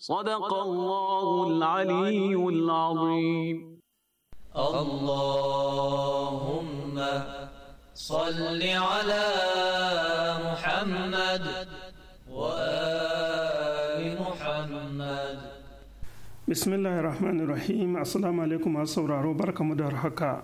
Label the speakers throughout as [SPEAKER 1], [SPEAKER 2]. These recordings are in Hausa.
[SPEAKER 1] صدق الله العلي العظيم اللهم صل على محمد وآل محمد
[SPEAKER 2] بسم الله الرحمن الرحيم السلام عليكم sauraro barkamu da haka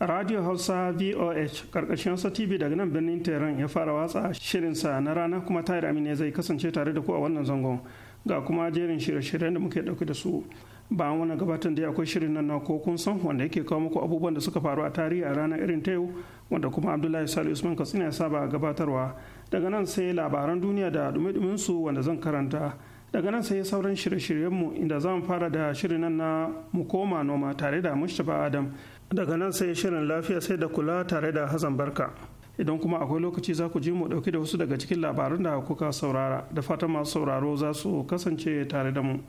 [SPEAKER 2] Radio Hausa VOH ƙarƙashin sa TV daga nan birnin Tehran ya fara watsa shirinsa na rana kuma Tahir Amine zai kasance tare da ku a wannan zangon. ga kuma jerin shirye-shiryen da muke dauke da su bayan wani gabatar da akwai shirin nan na ko kun san wanda yake kawo muku abubuwan da suka faru a tarihi a ranar irin ta yau wanda kuma abdullahi sali usman katsina ya saba a gabatarwa daga nan sai labaran duniya da dumi su wanda zan karanta daga nan sai sauran shirye-shiryenmu inda za fara da shirin nan na mu koma noma tare da mustapha adam daga nan sai shirin lafiya sai da kula tare da hazan barka idan kuma akwai lokaci za ku ji mu ɗauki da wasu daga cikin labarun da kuka saurara da fata masu sauraro za su kasance tare da mu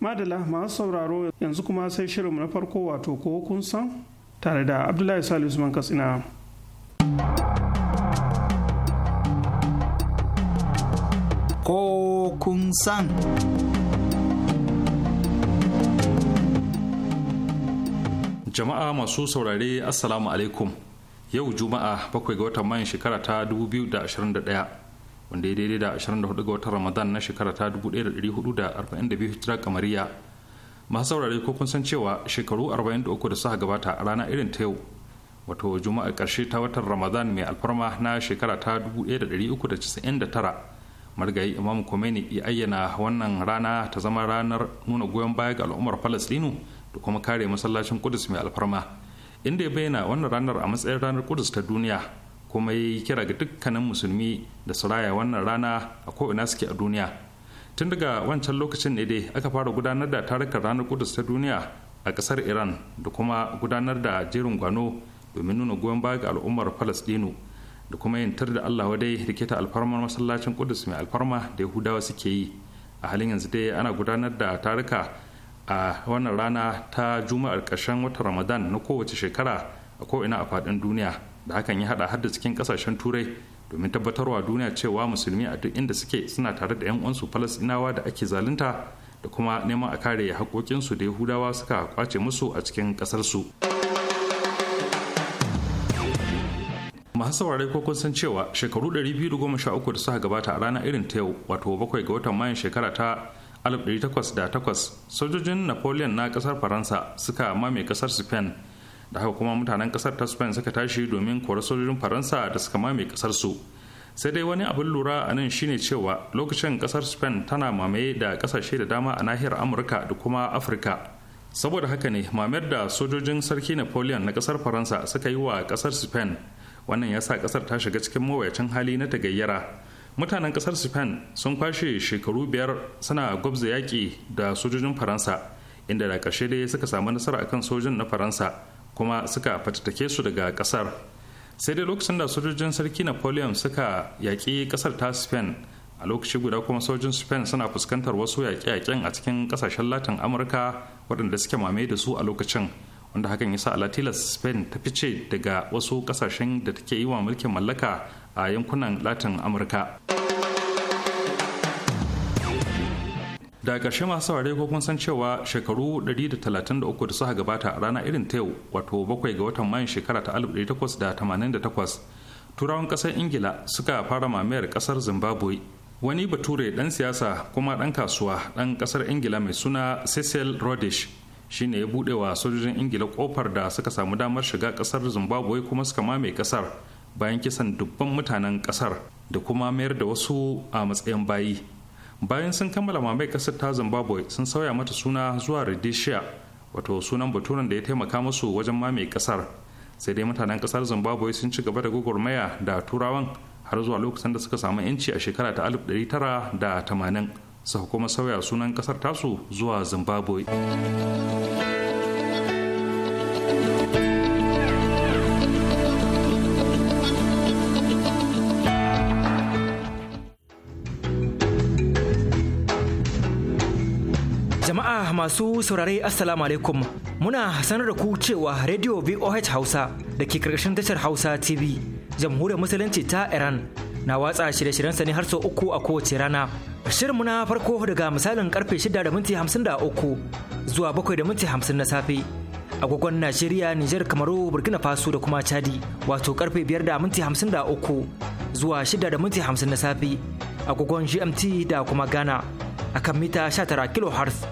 [SPEAKER 2] madala masu sauraro yanzu kuma sai shirinmu na farko wato ko kun san tare da abdullahi salisu Man katsina ko kun san
[SPEAKER 3] jama'a masu saurare assalamu alaikum yau juma'a bakwai ga watan mayan shekara ta 2021 wanda ya daidai da 24 ga watan ramadan na shekara ta 1442 hijira kamariya masu saurare ko kun san cewa shekaru 43 da suka gabata a rana irin ta yau wato juma'a karshe ta watan ramadan mai alfarma na shekara ta 1399 margayi imam khomeini ya ayyana wannan rana ta zama ranar nuna goyon baya ga al'ummar palestinu da kuma kare masallacin kudus mai alfarma inda ya bayyana wannan ranar a matsayin ranar kudus ta duniya kuma ya yi kira ga dukkanin musulmi da su raya wannan rana a ko'ina suke a duniya tun daga wancan lokacin ne dai aka fara gudanar da tarukan ranar kudus ta duniya a kasar iran da kuma gudanar da jerin gwano domin nuna goyon baya ga al'ummar falastinu da kuma yin tar da allah wadai da ta alfarmar masallacin kudus mai alfarma da yahudawa suke yi a halin yanzu dai ana gudanar da taruka a wannan rana ta juma'ar ƙarshen wata ramadan na kowace shekara a ko'ina a faɗin duniya da hakan ya haɗa har da cikin ƙasashen turai domin tabbatarwa duniya cewa musulmi a duk inda suke suna tare da 'yan uwansu falasɗinawa da ake zalunta da kuma neman a kare haƙoƙinsu da yahudawa suka kwace musu a cikin ƙasarsu masu saurare ko kun san cewa shekaru 213 da suka gabata a rana irin ta yau wato bakwai ga watan mayan shekara ta 1808 sojojin napoleon na kasar faransa suka mame kasar spain da haka kuma mutanen kasar ta spain suka tashi domin kora sojojin faransa da suka mame kasar su sai dai wani abin lura a nan shine cewa lokacin kasar spain tana mamaye da kasashe da dama a nahiyar amurka da kuma afirka saboda haka ne mamayar da sojojin sarki napoleon na kasar faransa suka yi wa kasar spain wannan ya sa kasar ta shiga cikin mawuyacin hali na tagayyara mutanen kasar spain sun kwashe shekaru biyar suna gwabza yaƙi da sojojin faransa inda da ƙarshe dai suka samu nasara akan sojin na faransa kuma suka fatattake su daga ƙasar sai dai lokacin da sojojin sarki napoleon suka yaƙi ƙasar ta spain a lokaci guda kuma sojin spain suna fuskantar wasu yaƙe-yaƙen a cikin ƙasashen latin amurka waɗanda suke mame da su a lokacin wanda hakan ya sa alatilas spain ta fice daga wasu ƙasashen da take yi wa mulkin mallaka a yankunan latin amurka da ƙarshe masu saurare ko kun san cewa shekaru 133 da suka gabata a rana irin ta yau wato bakwai ga watan mayun shekara ta 1888 turawan ƙasar ingila suka fara mamayar ƙasar zimbabwe wani bature ɗan siyasa kuma ɗan kasuwa ɗan ƙasar ingila mai suna cecil rodish shine ya buɗe sojojin ingila ƙofar da suka samu damar shiga ƙasar zimbabwe kuma suka mame ƙasar bayan kisan dubban mutanen kasar da kuma mayar da wasu a matsayin bayi bayan sun kammala mamai kasar ta zimbabwe sun sauya mata suna zuwa rhodesia wato sunan baturen da ya taimaka musu wajen mamaye kasar sai dai mutanen kasar zimbabwe sun ci gaba da gwagwarmaya da turawan har zuwa lokacin da suka samu yanci a shekara ta tara da tamanin suka kuma sauya sunan kasar tasu zuwa zimbabwe
[SPEAKER 4] masu saurare Assalamu alaikum muna sanar da ku cewa Radio VOH Hausa da ke karkashin tashar Hausa TV jamhuriyar musulunci ta Iran na watsa shirye-shiryensa ne har sau uku a kowace rana. Shirin muna farko daga misalin karfe shida da minti hamsin da uku zuwa bakwai da minti hamsin na safe. agogon Najeriya, Nijar, Kamaru, Burkina Faso da kuma Chadi wato karfe 5 da minti 53 zuwa 6 da minti 50 na safe agogon GMT da kuma Ghana akan mita 19 kHz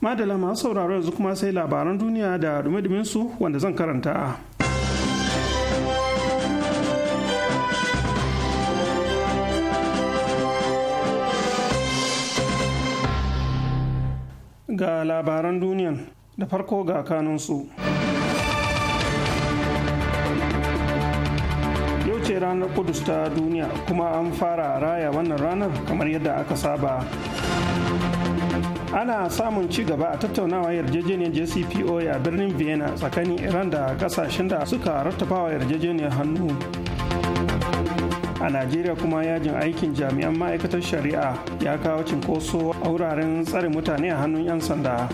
[SPEAKER 2] madala masu sauraro yanzu kuma sai labaran duniya da dumi su wanda zan karanta ga labaran duniyan da farko ga kanunsu yau ce ranar kudus ta duniya kuma an fara raya wannan ranar kamar yadda aka saba ana samun ci gaba a tattaunawa yarjejeniyar jcpoa a birnin vienna tsakanin iran da kasashen da suka rattafawa yarjejeniyar hannu a najeriya kuma yajin aikin jami'an ma'aikatar shari'a ya kawo cinkoso a wuraren tsare mutane a hannun 'yan sanda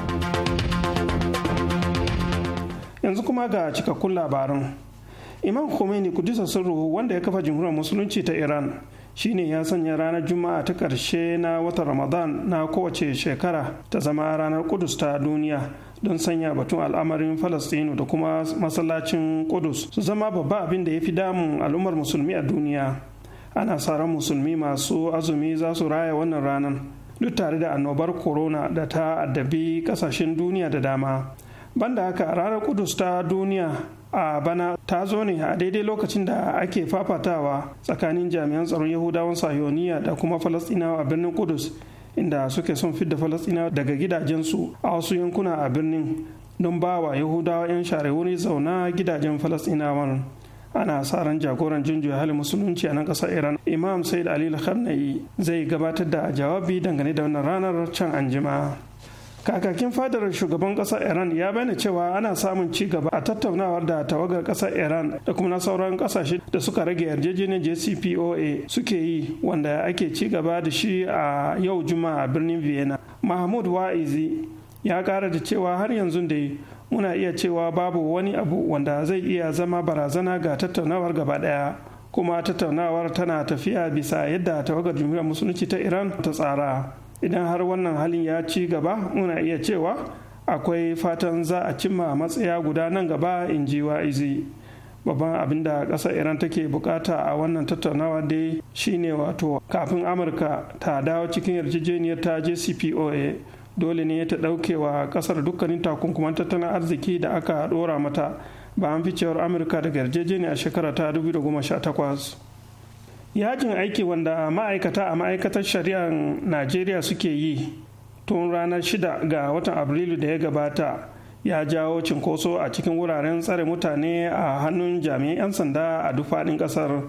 [SPEAKER 2] yanzu kuma ga cikakkun labarin imam khomeini kudisa sirru wanda ya kafa jimhuriyar musulunci ta iran shine ya sanya ranar juma'a ta ƙarshe na watan ramadan na kowace shekara ta zama ranar kudus ta duniya don sanya batun al'amarin falastinu da kuma masallacin kudus su zama babba abin da ya fi damun al'ummar musulmi a duniya ana ran musulmi masu azumi za su raya wannan ranar duk tare da annobar corona da ta addabi kasashen duniya da dama banda haka ranar kudus ta duniya a bana ta zo ne a daidai lokacin da ake fafatawa tsakanin jami'an tsaron yahudawan sayoniya da kuma falastinawa a birnin kudus inda suke son fidda falastinawa daga gidajensu a wasu yankuna a birnin don ba wa yahudawa 'yan share wuri zauna gidajen falastinawan ana sa ran jagoran jinjo hali musulunci a nan ƙasar iran imam said ali khamnai zai gabatar da jawabi dangane da wannan ranar can anjima. kakakin fadar shugaban kasar iran ya bayyana cewa ana samun ci gaba a tattaunawar da tawagar kasar iran da kuma na sauran kasashe da suka rage yarjejeniyar jcpoa suke yi wanda ake ci gaba da shi a yau juma'a a birnin vienna mahmud wa'izi ya kara da cewa har yanzu dai muna iya cewa babu wani abu wanda zai iya zama barazana ga tattaunawar gaba daya kuma tattaunawar tana tafiya bisa yadda tawagar jumhuriyar musulunci ta iran ta tsara idan har wannan halin ya ci gaba muna iya cewa akwai fatan za a cimma matsaya guda nan gaba in ji wa'izi babban abin da ƙasar iran take bukata a wannan tattaunawa dai shine wato kafin amurka ta dawo cikin yarjejeniyar ta jcpoa dole ne ta ɗauke wa ƙasar dukkanin takunkuman tattalin arziki da aka ɗora mata ba an ficewar amurka daga yarjejeniya shekara ta 2018 yajin aiki wanda ma'aikata a ma'aikatar shari'ar najeriya suke yi tun ranar shida ga watan afrilu da ya gabata ya jawo cinkoso a cikin wuraren tsare mutane a hannun jami'an 'yan sanda a duk faɗin ƙasar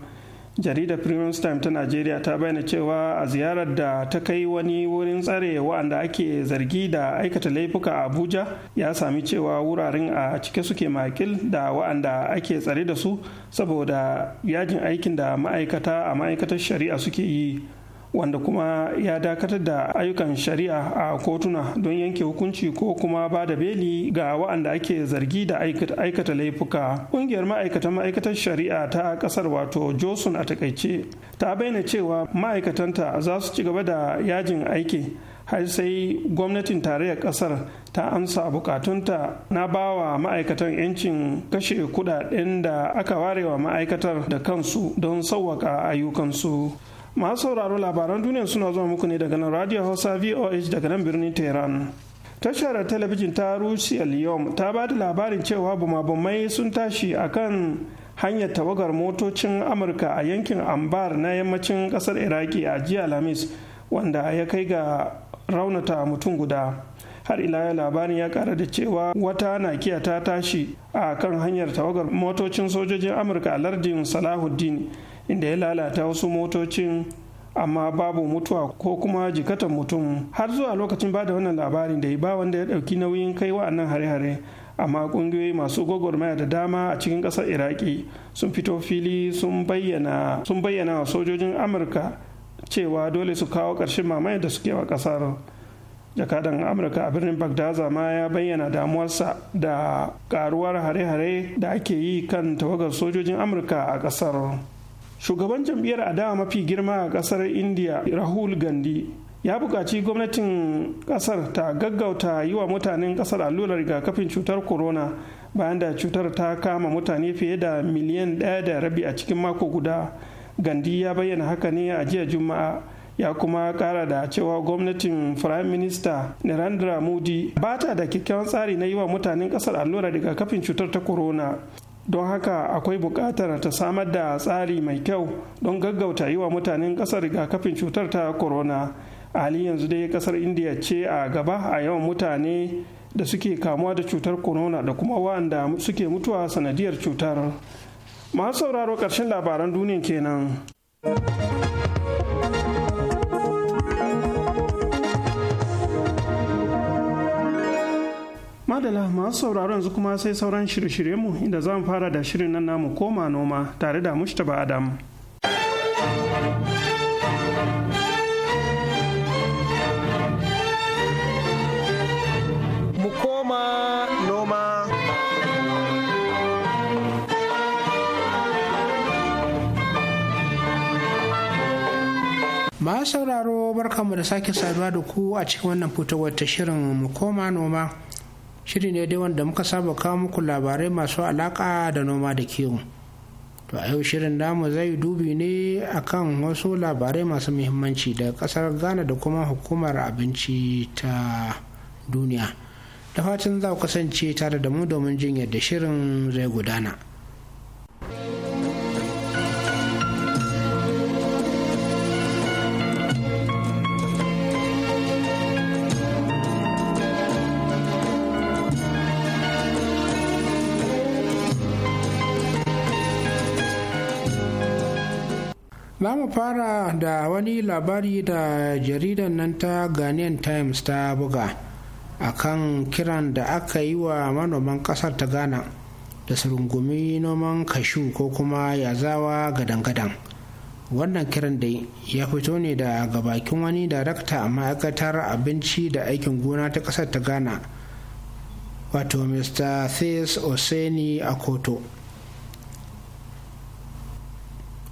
[SPEAKER 2] jaridar premium time ta najeriya ta bayyana cewa a ziyarar da ta kai wani wurin tsare wa'anda ake zargi da aikata laifuka a abuja ya sami cewa wuraren a cike suke makil da wa'anda ake tsare da su saboda yajin aikin da ma'aikata a ma'aikatar shari'a suke yi wanda kuma ya dakatar da ayyukan shari'a a kotuna don yanke hukunci ko kuma ba da beli ga waɗanda ake zargi da aikata laifuka ƙungiyar ma'aikatan ma'aikatar shari'a ta ƙasar wato Joson a takaice ta bayyana cewa ma'aikatanta za su ci gaba da yajin aiki har sai gwamnatin tarayyar ƙasar ta amsa bukatunta na bawa ma'aikatan 'yancin kashe kudaden da aka warewa ma'aikatar da kansu don sauwaka ayyukansu masu sauraro labaran duniya suna zuwa muku ne daga nan radio hausa voh daga nan birnin tehran tashar talabijin ta rusia liyom ta ba da labarin cewa bumabumai sun tashi a kan hanyar tawagar motocin amurka a yankin ambar na yammacin kasar iraki a jiya lamis wanda ya kai ga raunata mutum guda har ila labarin ya kara da cewa wata nakiya ta tashi a kan hanyar tawagar motocin sojojin amurka a lardin salahuddin inda ya lalata wasu motocin amma babu mutuwa ko kuma jikatan mutum har zuwa lokacin ba da wannan labarin da ya ba wanda ya dauki nauyin kai nan hare-hare amma kungiyoyi masu gwagwarmaya da dama a cikin kasar iraki sun fito fili sun bayyana wa sojojin amurka cewa dole su kawo ƙarshen mamayar da suke wa kasar. jakadan amurka a birnin bagdaza ma ya bayyana damuwarsa da karuwar hare-hare da ake yi kan tawagar sojojin amurka a kasar. shugaban jam'iyyar adawa mafi girma a kasar india rahul gandhi ya buƙaci gwamnatin kasar ta gaggauta yi wa mutanen kasar allurar rigakafin cutar corona bayan da cutar ta kama mutane fiye da miliyan ɗaya da rabi a cikin mako guda Gandhi ya bayyana haka ne a jiya juma'a ya kuma kara da cewa gwamnatin prime minister narendra modi ba ta da kyakkyawan tsari na yi wa mutanen kasar allurar rigakafin cutar ta corona don haka akwai buƙatar ta samar da tsari mai kyau don gaggauta yi wa mutanen ƙasar rigakafin cutar ta corona ali yanzu dai ƙasar india ce a gaba a yawan mutane da suke kamuwa da cutar corona da kuma waɗanda suke mutuwa sanadiyar cutar masu sauraro ƙarshen labaran duniya kenan. madala masu sauraro yanzu kuma sai sauran shirye mu inda za mu fara da shirin nan namu koma noma tare da mustapha adam
[SPEAKER 5] mu
[SPEAKER 6] Ma sauraro barkanmu da sake saduwa da ku a cikin wannan fitowar ta shirin mu koma noma shiri ne dai wanda muka saba kawo muku labarai masu alaka da noma da kiwo to a yau shirin namu zai dubi ne akan wasu labarai masu muhimmanci daga kasar ghana da kuma hukumar abinci ta duniya da fatan za ku kasance tare da mu domin jin yadda shirin zai gudana. za mu fara da wani labari da jaridan nan ta ghanaian times ta buga a kan kiran da aka yi wa manoman kasar ta ghana da su rungumi noman kashu ko kuma yazawa gadan-gadan wannan kiran da ya fito ne da gabakin wani darakta a ma'aikatar abinci da aikin gona ta kasar ta ghana wato mr thes oseni a koto.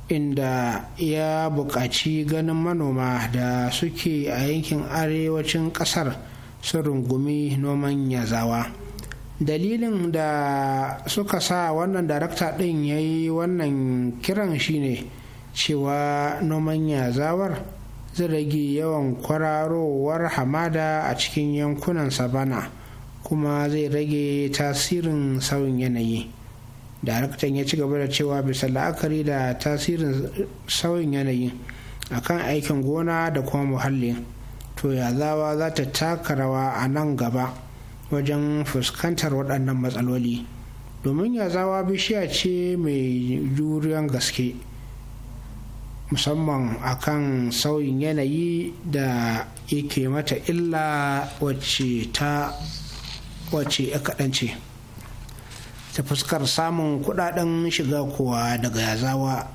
[SPEAKER 6] inda ya buƙaci ganin manoma da suke a yankin arewacin ƙasar sun rungumi noman yazawa dalilin da suka sa wannan darakta ɗin ya yi wannan kiran shine cewa noman yazawar zai rage yawan kwararowar hamada a cikin yankunan sabana kuma zai rage tasirin sauyin yanayi daraktan ya ci gaba da cewa bisa la'akari da tasirin sauyin yanayi akan aikin gona da kuma muhalli to yazawa za ta taka rawa a nan gaba wajen fuskantar waɗannan matsaloli domin yazawa bishiya ce mai juriyan gaske musamman akan sauyin yanayi da yake mata illa wacce ta wacce ya kaɗance. ta fuskar samun kudaden shiga kuwa daga yazawa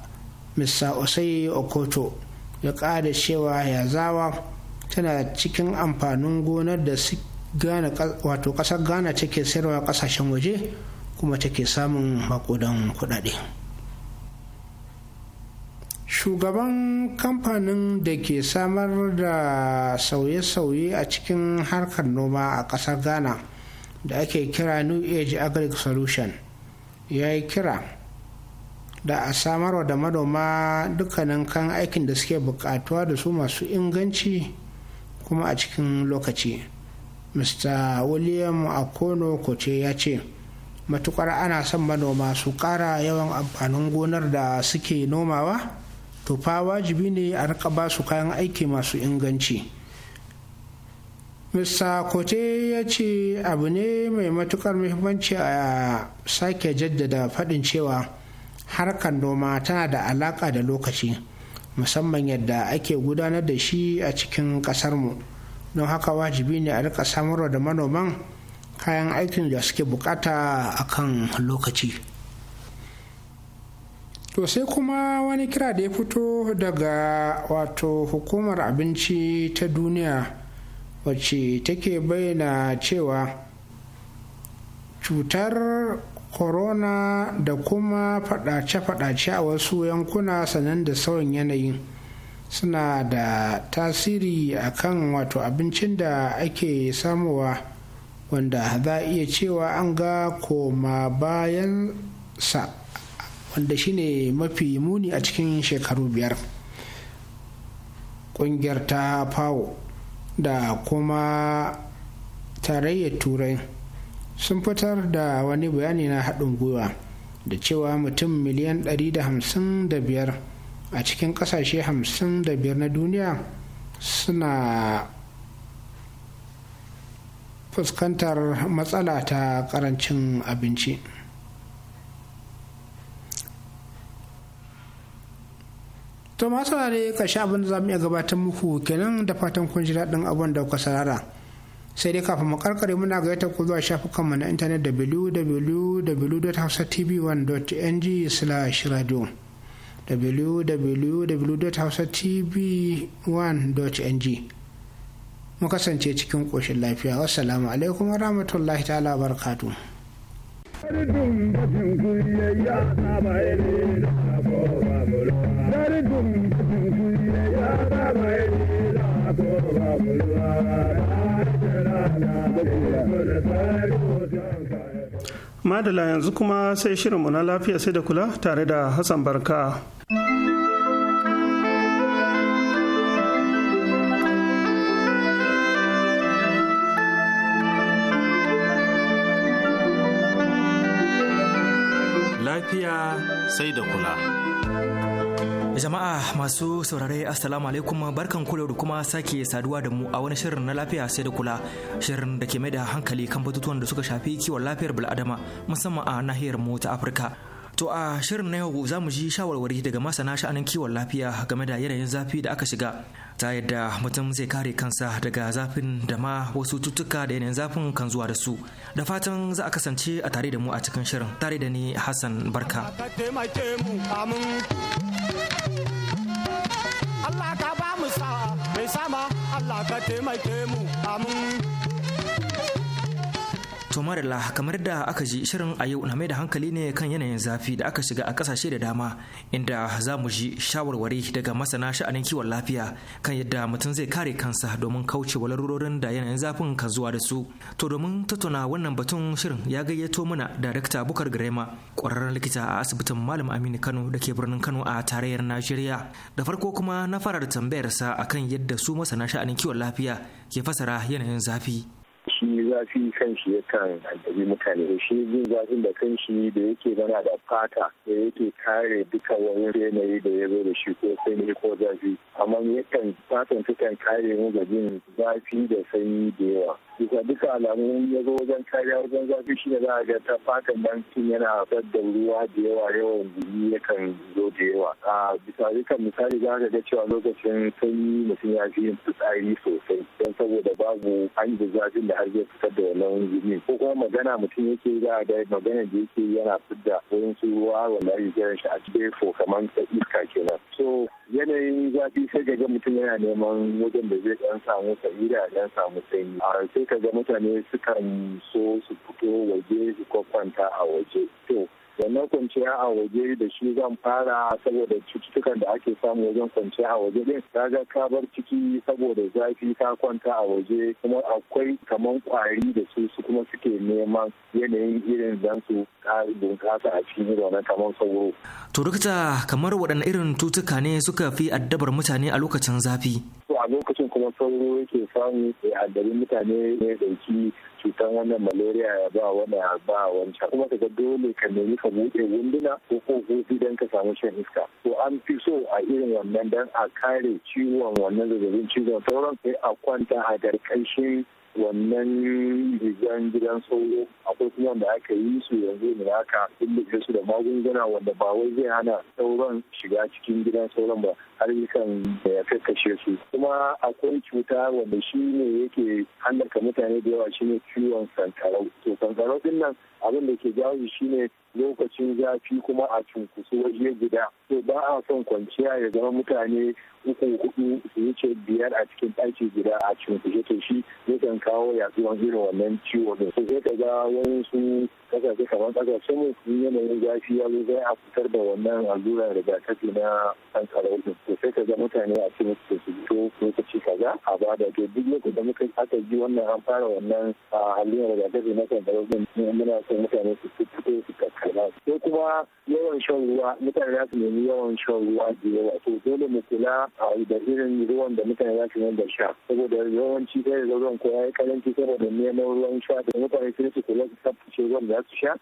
[SPEAKER 6] Mr. osai okoto ya ƙada cewa yazawa tana cikin amfanin gonar da wato ƙasar ghana take sayarwa ƙasashen waje kuma take samun makudan kudade shugaban kamfanin da ke samar da sauye-sauye a cikin harkar noma a ƙasar ghana da ake kira new age agric solution ya yi kira da a samarwa da manoma dukkanin kan aikin da suke bukatuwa da su masu inganci kuma a cikin lokaci mr william akono koce ya ce matukar ana son manoma su kara yawan amfanin gonar da suke nomawa to fa wajibi ne a rika ba su kayan aiki masu inganci mr kote ya ce abu ne mai matukar muhimmanci a sake jaddada faɗin cewa harkar noma tana da alaƙa da lokaci musamman yadda ake gudanar da shi a cikin ƙasarmu don haka wajibi ne a rika samarwa da manoman kayan aikin da suke bukata a kan lokaci to sai kuma wani kira da ya fito daga wato hukumar abinci ta duniya wacce take bayyana cewa cutar corona da kuma fadace-fadace a wasu yankuna sanan da sauyin yanayin suna da tasiri a kan wato abincin da ake samuwa wanda za a iya cewa an ga koma bayan sa wanda shine mafi muni a cikin shekaru biyar ƙungiyar ta fawo da kuma tarayyar turai sun fitar da wani bayani na haɗin gwiwa da cewa mutum miliyan 155 a cikin ƙasashe 55 na duniya suna fuskantar matsala ta ƙarancin abinci. to masu ware kashi abin da za mu iya gabatar muku kenan da fatan kun ji daɗin abin da kuka sarara sai dai kafin mu karkare muna gayyata ku zuwa shafukanmu na intanet www.hausatv1.ng/radio www.hausatv1.ng mu kasance cikin koshin lafiya wassalamu alaikum wa rahmatullahi ta'ala barkatu
[SPEAKER 2] Thank you. Madala yanzu kuma sai shirinmu na lafiya sai da kula tare da Hassan Barka.
[SPEAKER 4] Lafiya sai da kula. Jama'a masu saurare Assalamu alaikum barkan kula da kuma sake saduwa da mu a wani shirin na lafiya sai da kula shirin da ke mai da hankali kan batutuwan da suka shafi kiwon lafiyar bil'adama musamman a nahiyar mu ta Afirka. To a shirin na yau za mu ji shawarwari daga masana sha'anin kiwon lafiya game da yanayin zafi da aka shiga ta yadda mutum zai kare kansa daga zafin da ma wasu cutuka da yanayin zafin kan zuwa da su. Da fatan za a kasance a tare da mu a cikin shirin tare da ni Hassan Barka.
[SPEAKER 6] Allah ka taimake mu
[SPEAKER 4] To marilla kamar da aka ji shirin a yau na mai da hankali ne kan yanayin zafi da aka shiga a kasashe da dama inda za mu ji shawarwari daga masana sha'anin kiwon lafiya kan yadda mutum zai kare kansa domin kauce wa larurorin da yanayin zafin ka zuwa da su. To domin tattauna wannan batun shirin ya gayyato mana Darakta Bukar Garema ƙwararren likita a asibitin Malam Aminu Kano da ke birnin Kano a tarayyar Najeriya. Da farko kuma na fara da tambayarsa akan yadda su masana sha'anin kiwon lafiya ke fasara yanayin zafi.
[SPEAKER 1] shi zafi kan shi yakan addabi mutane shi jin zafin da kan shi da yake zana da fata da yake kare duka wani yanayi da ya zo da shi ko sanyi ko zafi amma yakan fatan kan kare mu da jin zafi da sanyi da yawa bisa duka al'amu ya zo wajen kariya wajen zafi shi ne za a ga ta fatan nan tun yana da ruwa da yawa yawan gumi ya kan zo da yawa a bisa duka misali za ka ga cewa lokacin sanyi mutum ya fi yin fitsari sosai don saboda babu hanyar zafin da har zai fitar da wannan gumi ko kuma magana mutum yake za a ga magana da yake yana fidda wurin su ruwa wanda ake kiran shi a cikin fo kamar ta iska kenan so yanayin zafi sai ga mutum yana neman wajen da zai dan samu sa'ida dan samu sanyi a sai kaga mutane sukan so su fito waje su kwakwanta a waje to wannan kwanciya a waje da shi zan fara saboda cututtukan da ake samu wajen kwanciya a waje din kaga ka bar ciki saboda zafi ka kwanta a waje kuma akwai kaman kwari da su su kuma suke neman yanayin irin dan su bunƙasa a cikin irin kamar kaman sauro.
[SPEAKER 4] to rukta kamar waɗanne irin tutuka ne suka fi addabar mutane a lokacin zafi.
[SPEAKER 1] to a lokacin kuma sauro yake samu ya addabi mutane ne ɗauki cutar wannan malaria ya ba wani ya ba wancan kuma ka ga dole ka nemi ka buɗe wunduna ko kofofi don ka samu shan iska to an fi so a irin wannan don a kare ciwon wannan zazzabin cizon sauran sai a kwanta a garkashin wannan rigan gidan sauro akwai kuma da aka yi su yanzu ne aka illike su da magunguna wanda ba wai zai hana sauran shiga cikin gidan sauron ba har yakan ya kakkashe su kuma akwai cuta wanda shi ne yake hannarka mutane da yawa shi ne ciwon sankarau to sankarau din nan abin da ke jawo shi ne. lokacin zafi kuma a cunkusu waje guda to ba a son kwanciya ya zama mutane uku hudu su wuce biyar a cikin ɗaki gida a cunkushe to shi yakan kawo yaduwan irin wannan ciwo da su sai ka ga wani su kasashe kamar kasashen mu in yanayin zafi ya zo zai a fitar da wannan allura rigakafi na sankarau din to sai ka ga mutane a cikin su su fito lokaci kaza a bada to duk lokacin da muka aka ji wannan an fara wannan allurar rigakafi na sankarau din muna son mutane su fito su kakkara sai kuma yawan shan ruwa mutane za su nemi yawan shan ruwa da yawa to dole mu kula da irin ruwan da mutane za su da sha saboda yawanci sai da ruwan ko ya yi karanci saboda neman ruwan sha da mutane sai su kula su tsaftace ruwan da su sha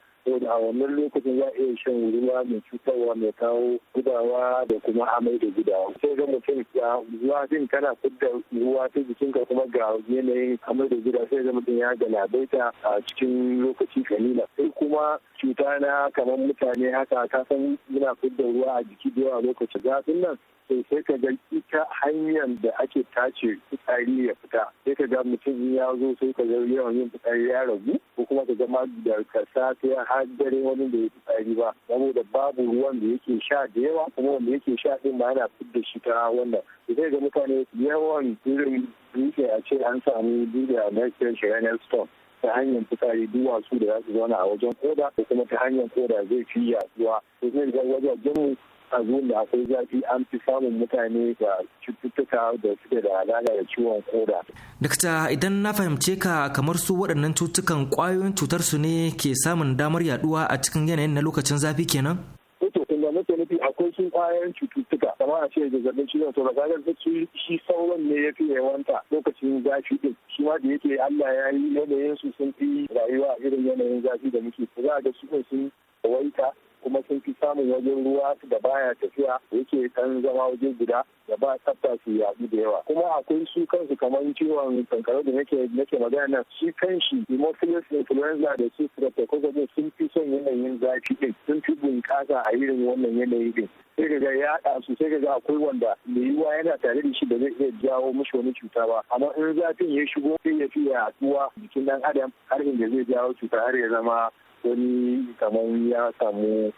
[SPEAKER 1] a wannan lokacin za a iya shan ruwa mai cutarwa mai kawo gudawa da kuma amai da gudawa sai ga mutum ya ruwa din kana fidda ruwa ta jikinka kuma ga yanayin amai da gudawa sai ga mutum ya galabaita a cikin lokaci kalila sai kuma cuta na kamar mutane haka ka san muna fidda ruwa a jiki da yawa lokacin zafin nan to sai ka ga ita hanyar da ake tace fitsari ya fita sai ka ga mutum ya zo sai ka ga yawan yin fitsari ya ragu ko kuma ka zama da kasa sai har dare wani da ya fitsari ba saboda babu ruwan da yake sha da yawa kuma wanda yake sha din ma yana fidda shi ta wannan sai ga mutane yawan irin dutse a ce an samu dutse a mercury shirayen stone ta hanyar fitsari duwatsu da za su zauna a wajen koda ko kuma ta hanyar koda zai fi yaduwa to zai ga wajen mu a da akwai zafi an fi samun mutane da cututtuka da suke da alaƙa da ciwon koda.
[SPEAKER 4] Dakta idan na fahimce ka kamar su waɗannan cutukan ƙwayoyin cutar su ne ke samun damar yaduwa a cikin yanayin na lokacin zafi kenan?
[SPEAKER 1] Ito kun ga nufi akwai sun ƙwayoyin cututtuka kama a ce zazzabin cizon sauro kaga su shi sauran ne ya fi yawanta lokacin zafi din shi ma da yake Allah ya yi yanayin su sun fi rayuwa irin yanayin zafi da muke za a ga su sun yawaita kuma sun fi samun wajen ruwa da baya tafiya yake kan zama waje guda da ba tsafta su yaɗu da yawa kuma akwai su kansu kamar ciwon sankarau da nake nake magana nan shi kanshi hemophilus influenza da su streptococcus sun fi son yanayin zafi din sun fi bunƙasa a irin wannan yanayi din sai ga ya ɗa su sai ga akwai wanda mai yiwuwa yana tare da shi da zai iya jawo mishi wani cuta ba amma in zafin ya shigo sai ya a yaduwa jikin ɗan adam har inda zai jawo cuta har ya zama wani kamar ya samu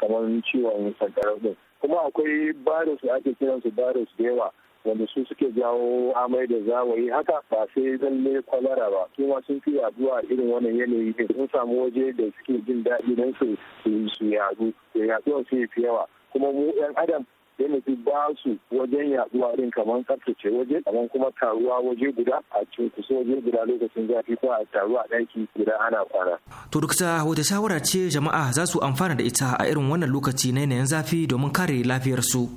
[SPEAKER 1] kamar ciwon sankarar din kuma akwai virus da ake su virus da yawa wanda su suke jawo amai da zawayi haka ba sai zalle kwalara ba su ma sun fi yaduwa irin wannan yanayi ne sun samu waje da suke jin daɗi don su su yadu da su fi yawa kuma mu yan adam ya nufi ba su wajen yaduwa din kamar tsaftace waje kamar kuma taruwa waje guda a kusa waje guda lokacin zafi ko a taruwa a ɗaki guda ana kwana.
[SPEAKER 4] To dukta wata shawara ce jama'a za su amfana da ita a irin wannan lokaci na yanayin zafi domin kare lafiyarsu.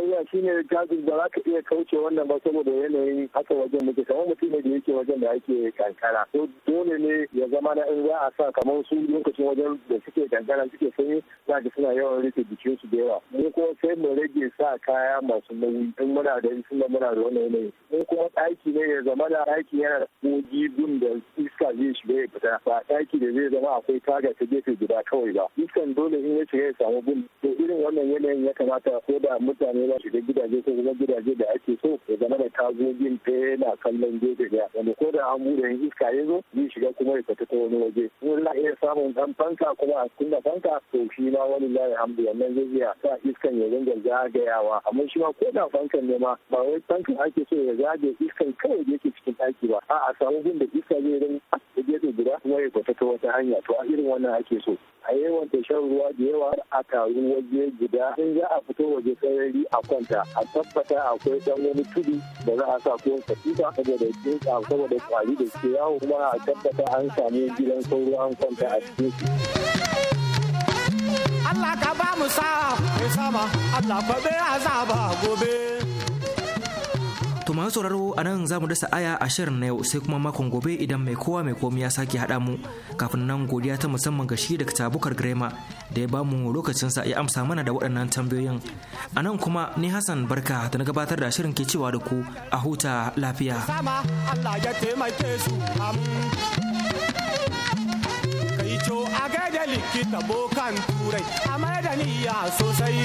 [SPEAKER 1] shi shine gajin da za ka iya kauce wannan ba saboda yanayin haka wajen muke kamar mutum ne da yake wajen da ake kankara to dole ne ya zama na in za a sa kamar su lokacin wajen da suke kankara suke sanyi za ka suna yawan rike jikin su da yawa mu ko sai mu rage sa kaya masu nauyi in muna da suna muna da wannan yanayi mu ko ɗaki ne ya zama da ɗaki yana kogi gun da iska zai shiga ya fita ba ɗaki da zai zama akwai taga ta gefe guda kawai ba iskan dole in ya shiga ya samu gun to irin wannan yanayin ya kamata ko da mutane ba shi shiga gidaje ko kuma gidaje da ake so ya zama da tagogin ɗaya na kallon gefe ɗaya wanda ko da an buɗe in iska ya zo zai shiga kuma ya fita ta wani waje in iya samun ɗan fanka kuma a kunna fanka to shi ma wani layi hamdu wannan zai iya sa iskan ya dinga zagayawa amma shi ma ko da fankan ne ma ba wai fankan ake so ya zagaye iskan kawai da yake cikin ɗaki ba a a samu gun da iska zai rin da gefe guda kuma ya fita ta wata hanya to a irin wannan ake so a yawan ta shan ruwa da yawa a taru waje guda in za a fito waje sarari a kwanta a tabbata akwai dan wani tudu da za a sa ko katifa saboda tsuntsa saboda kwari da ke yawo kuma a tabbata an samu gidan sauro an kwanta a cikin
[SPEAKER 4] Allah ka ba mu sa, sama, Allah ka bai azaba gobe. masu sauraro a nan za mu dasa aya a shirin na yau sai kuma makon gobe idan mai kowa mai komi ya sake haɗa mu kafin nan godiya ta musamman ga shi Dr. Bukar Grema da ya ba mu lokacinsa ya amsa mana da waɗannan tambayoyin. A nan kuma ni Hassan Barka da na gabatar da shirin ke cewa da ku a huta lafiya.
[SPEAKER 6] su a likita bokan turai a niyya sosai.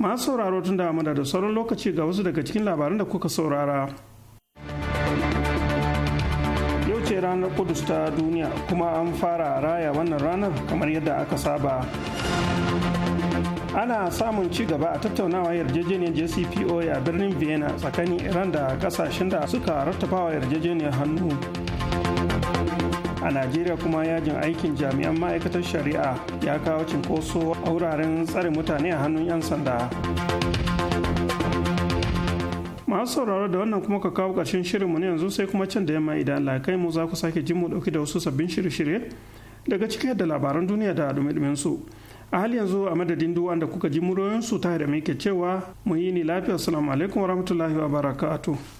[SPEAKER 2] masu sauraro tun da da sauran lokaci ga wasu daga cikin labaran da kuka saurara yau ce ranar kudus ta duniya kuma an fara raya wannan ranar kamar yadda aka saba ana samun ci gaba a tattaunawa yarjejeniyar jcpoa a birnin vienna tsakanin iran da kasashen da suka rattafawa yarjejeniyar hannu a najeriya kuma yajin aikin jami'an ma'aikatar shari'a ya kawo cinkoso a wuraren tsare mutane a hannun 'yan sanda masu sauraro da wannan kuma ka kawo ƙarshen shirinmu na yanzu sai kuma can da yamma idan kai mu za ku sake jin mu ɗauki da wasu sabbin shirye-shirye daga cikin da labaran duniya da dumi su a hali yanzu a madadin duwan da kuka ji su ta da muke cewa mu yi ni lafiya assalamu alaikum warahmatullahi wabarakatuh